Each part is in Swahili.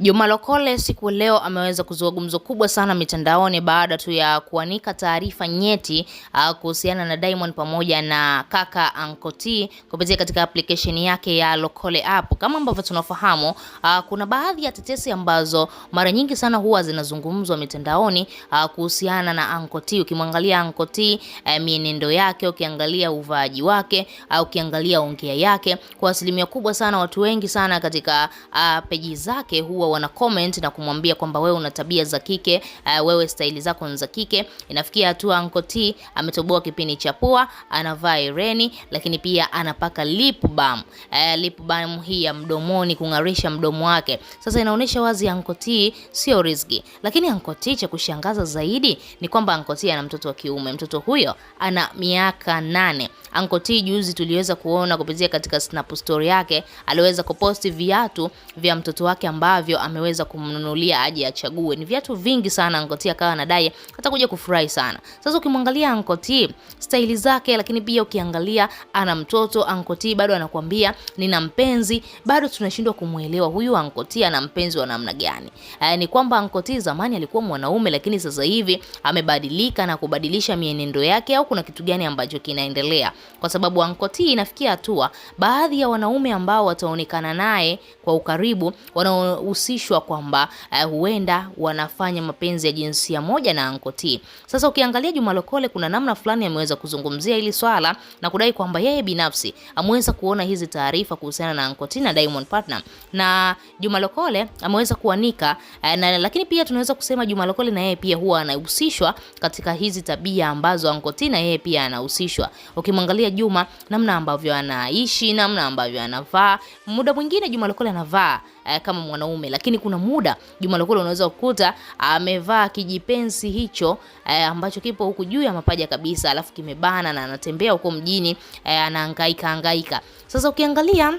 Juma Lokole siku leo ameweza kuzua gumzo kubwa sana mitandaoni baada tu ya kuanika taarifa nyeti ah, kuhusiana na Diamond pamoja na kaka Anko T kupitia katika application yake ya Lokole app. Kama ambavyo tunafahamu, ah, kuna baadhi ya tetesi ambazo mara nyingi sana huwa zinazungumzwa mitandaoni ah, kuhusiana na Anko T. Ukimwangalia Anko T, eh, mienendo yake, ukiangalia uvaaji wake, ukiangalia ongea yake, kwa asilimia kubwa sana watu wengi sana katika peji zake huwa ambao wana comment na kumwambia kwamba wewe una tabia za kike, uh, wewe staili zako ni za kike. Inafikia hatua Uncle T ametoboa kipini cha pua, anavaa ireni, lakini pia anapaka lip balm. Uh, lip balm hii ya mdomoni kung'arisha mdomo wake. Sasa inaonyesha wazi Uncle T sio riziki. Lakini Uncle T cha kushangaza zaidi ni kwamba Uncle T ana mtoto wa kiume. Mtoto huyo ana miaka nane. Anko T juzi tuliweza kuona kupitia katika snap story yake, aliweza kuposti viatu vya mtoto wake ambavyo ameweza kumnunulia aje achague. Ni viatu vingi sana, Anko T akawa anadai atakuja kufurahi sana. Sasa ukimwangalia Anko T staili zake, lakini pia ukiangalia ana mtoto Anko T bado anakuambia nina mpenzi, bado tunashindwa kumwelewa huyu Anko T ana mpenzi wa namna gani? Eh, ni kwamba Anko T zamani alikuwa mwanaume, lakini sasa hivi amebadilika na kubadilisha mienendo yake, au kuna kitu gani ambacho kinaendelea? kwa sababu Ankoti inafikia hatua baadhi ya wanaume ambao wataonekana naye kwa ukaribu wanaohusishwa kwamba uh, huenda wanafanya mapenzi ya jinsia moja na Ankoti. Sasa ukiangalia Juma Lokole kuna namna fulani ameweza kuzungumzia hili swala na kudai kwamba yeye binafsi ameweza kuona hizi taarifa kuhusiana na Ankoti na Diamond Partner na Juma Lokole ameweza kuanika eh, na, lakini pia tunaweza kusema Juma Lokole na yeye pia huwa anahusishwa katika hizi tabia ambazo Ankoti na yeye pia anahusishwa. Ukimwangalia kumwangalia Juma namna ambavyo anaishi, namna ambavyo anavaa. Muda mwingine Juma Lokole anavaa eh, kama mwanaume, lakini kuna muda Juma Lokole unaweza kukuta amevaa kijipensi hicho eh, ambacho kipo huku juu ya mapaja kabisa, alafu kimebana na anatembea huko mjini eh, anahangaika hangaika. Sasa ukiangalia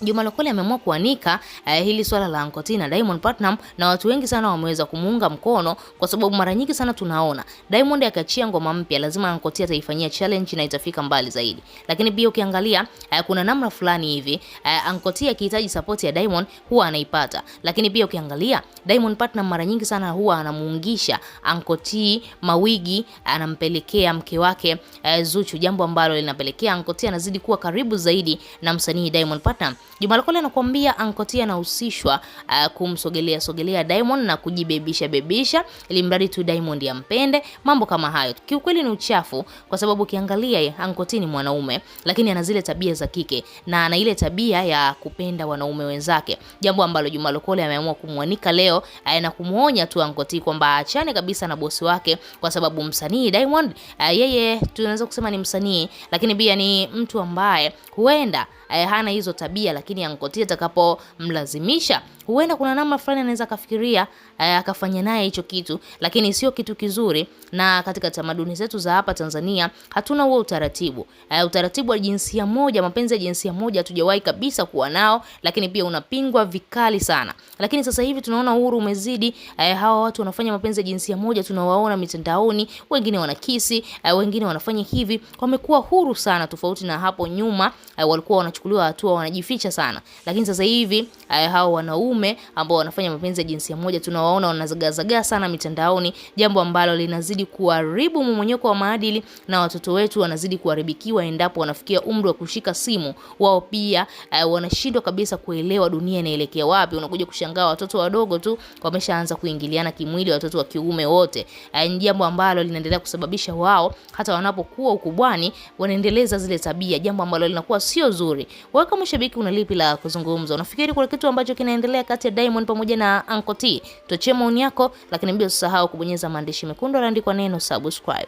Juma Lokole ameamua kuanika eh, hili swala la Anko T na Diamond Platinum, na watu wengi sana wameweza kumuunga mkono, kwa sababu mara nyingi sana tunaona Diamond akiachia ngoma mpya lazima Anko T ataifanyia challenge na itafika mbali zaidi. Lakini pia ukiangalia eh, kuna namna fulani hivi eh, Anko T akihitaji support ya Diamond huwa anaipata. Lakini pia ukiangalia Diamond Platinum mara nyingi sana huwa anamuungisha Anko T mawigi, anampelekea mke wake eh, Zuchu, jambo ambalo linapelekea Anko T anazidi kuwa karibu zaidi na msanii Diamond Platinum. Juma anakuambia Anko T anahusishwa uh, kumsogelea sogelea Diamond na kujibebisha bebisha ili mradi tu Diamond ampende, mambo kama hayo. Kiukweli ni uchafu, kwa sababu ukiangalia Anko eh, T ni mwanaume lakini ana zile tabia za kike na ana ile tabia ya kupenda wanaume wenzake, jambo ambalo jumalokole ameamua kumwanika leo eh, na kumwonya tu Anko T kwamba achane kabisa na bosi wake, kwa sababu msanii Diamond uh, yeye tunaweza kusema ni msanii, lakini pia ni mtu ambaye huenda uh, hana hizo tabia lakini Ankoti atakapomlazimisha, huenda kuna namna fulani anaweza akafikiria eh, akafanya naye hicho kitu, lakini sio kitu kizuri. Na katika tamaduni zetu za hapa Tanzania hatuna huo utaratibu. Eh, utaratibu wa jinsia moja, mapenzi ya jinsia moja hatujawahi kabisa kuwa nao, lakini pia unapingwa vikali sana. Lakini sasa hivi tunaona uhuru umezidi. Eh, hawa watu wanafanya mapenzi ya jinsia moja, tunawaona mitandaoni, wengine wanakisi, wengine wanafanya hivi, wamekuwa huru sana, tofauti na hapo nyuma walikuwa wanachukuliwa hatua, wanajificha kuficha sana. Lakini sasa hivi eh, hao wanaume ambao wanafanya mapenzi ya jinsia moja tunawaona wanazagazagaa sana mitandaoni, jambo ambalo linazidi kuharibu mmonyoko wa maadili na watoto wetu wanazidi kuharibikiwa endapo wanafikia umri wa kushika simu. Wao pia uh, wanashindwa kabisa kuelewa dunia inaelekea wapi. Unakuja kushangaa watoto wadogo tu wameshaanza kuingiliana kimwili, watoto wa kiume wote, eh, ni jambo ambalo linaendelea kusababisha wao hata wanapokuwa ukubwani wanaendeleza zile tabia, jambo ambalo linakuwa sio zuri. Wewe kama shabiki una lipi la kuzungumza? Unafikiri kuna kitu ambacho kinaendelea kati ya Diamond pamoja na Uncle T? Tuachie maoni yako, lakini bila usahau kubonyeza maandishi mekundu yaliyoandikwa neno subscribe.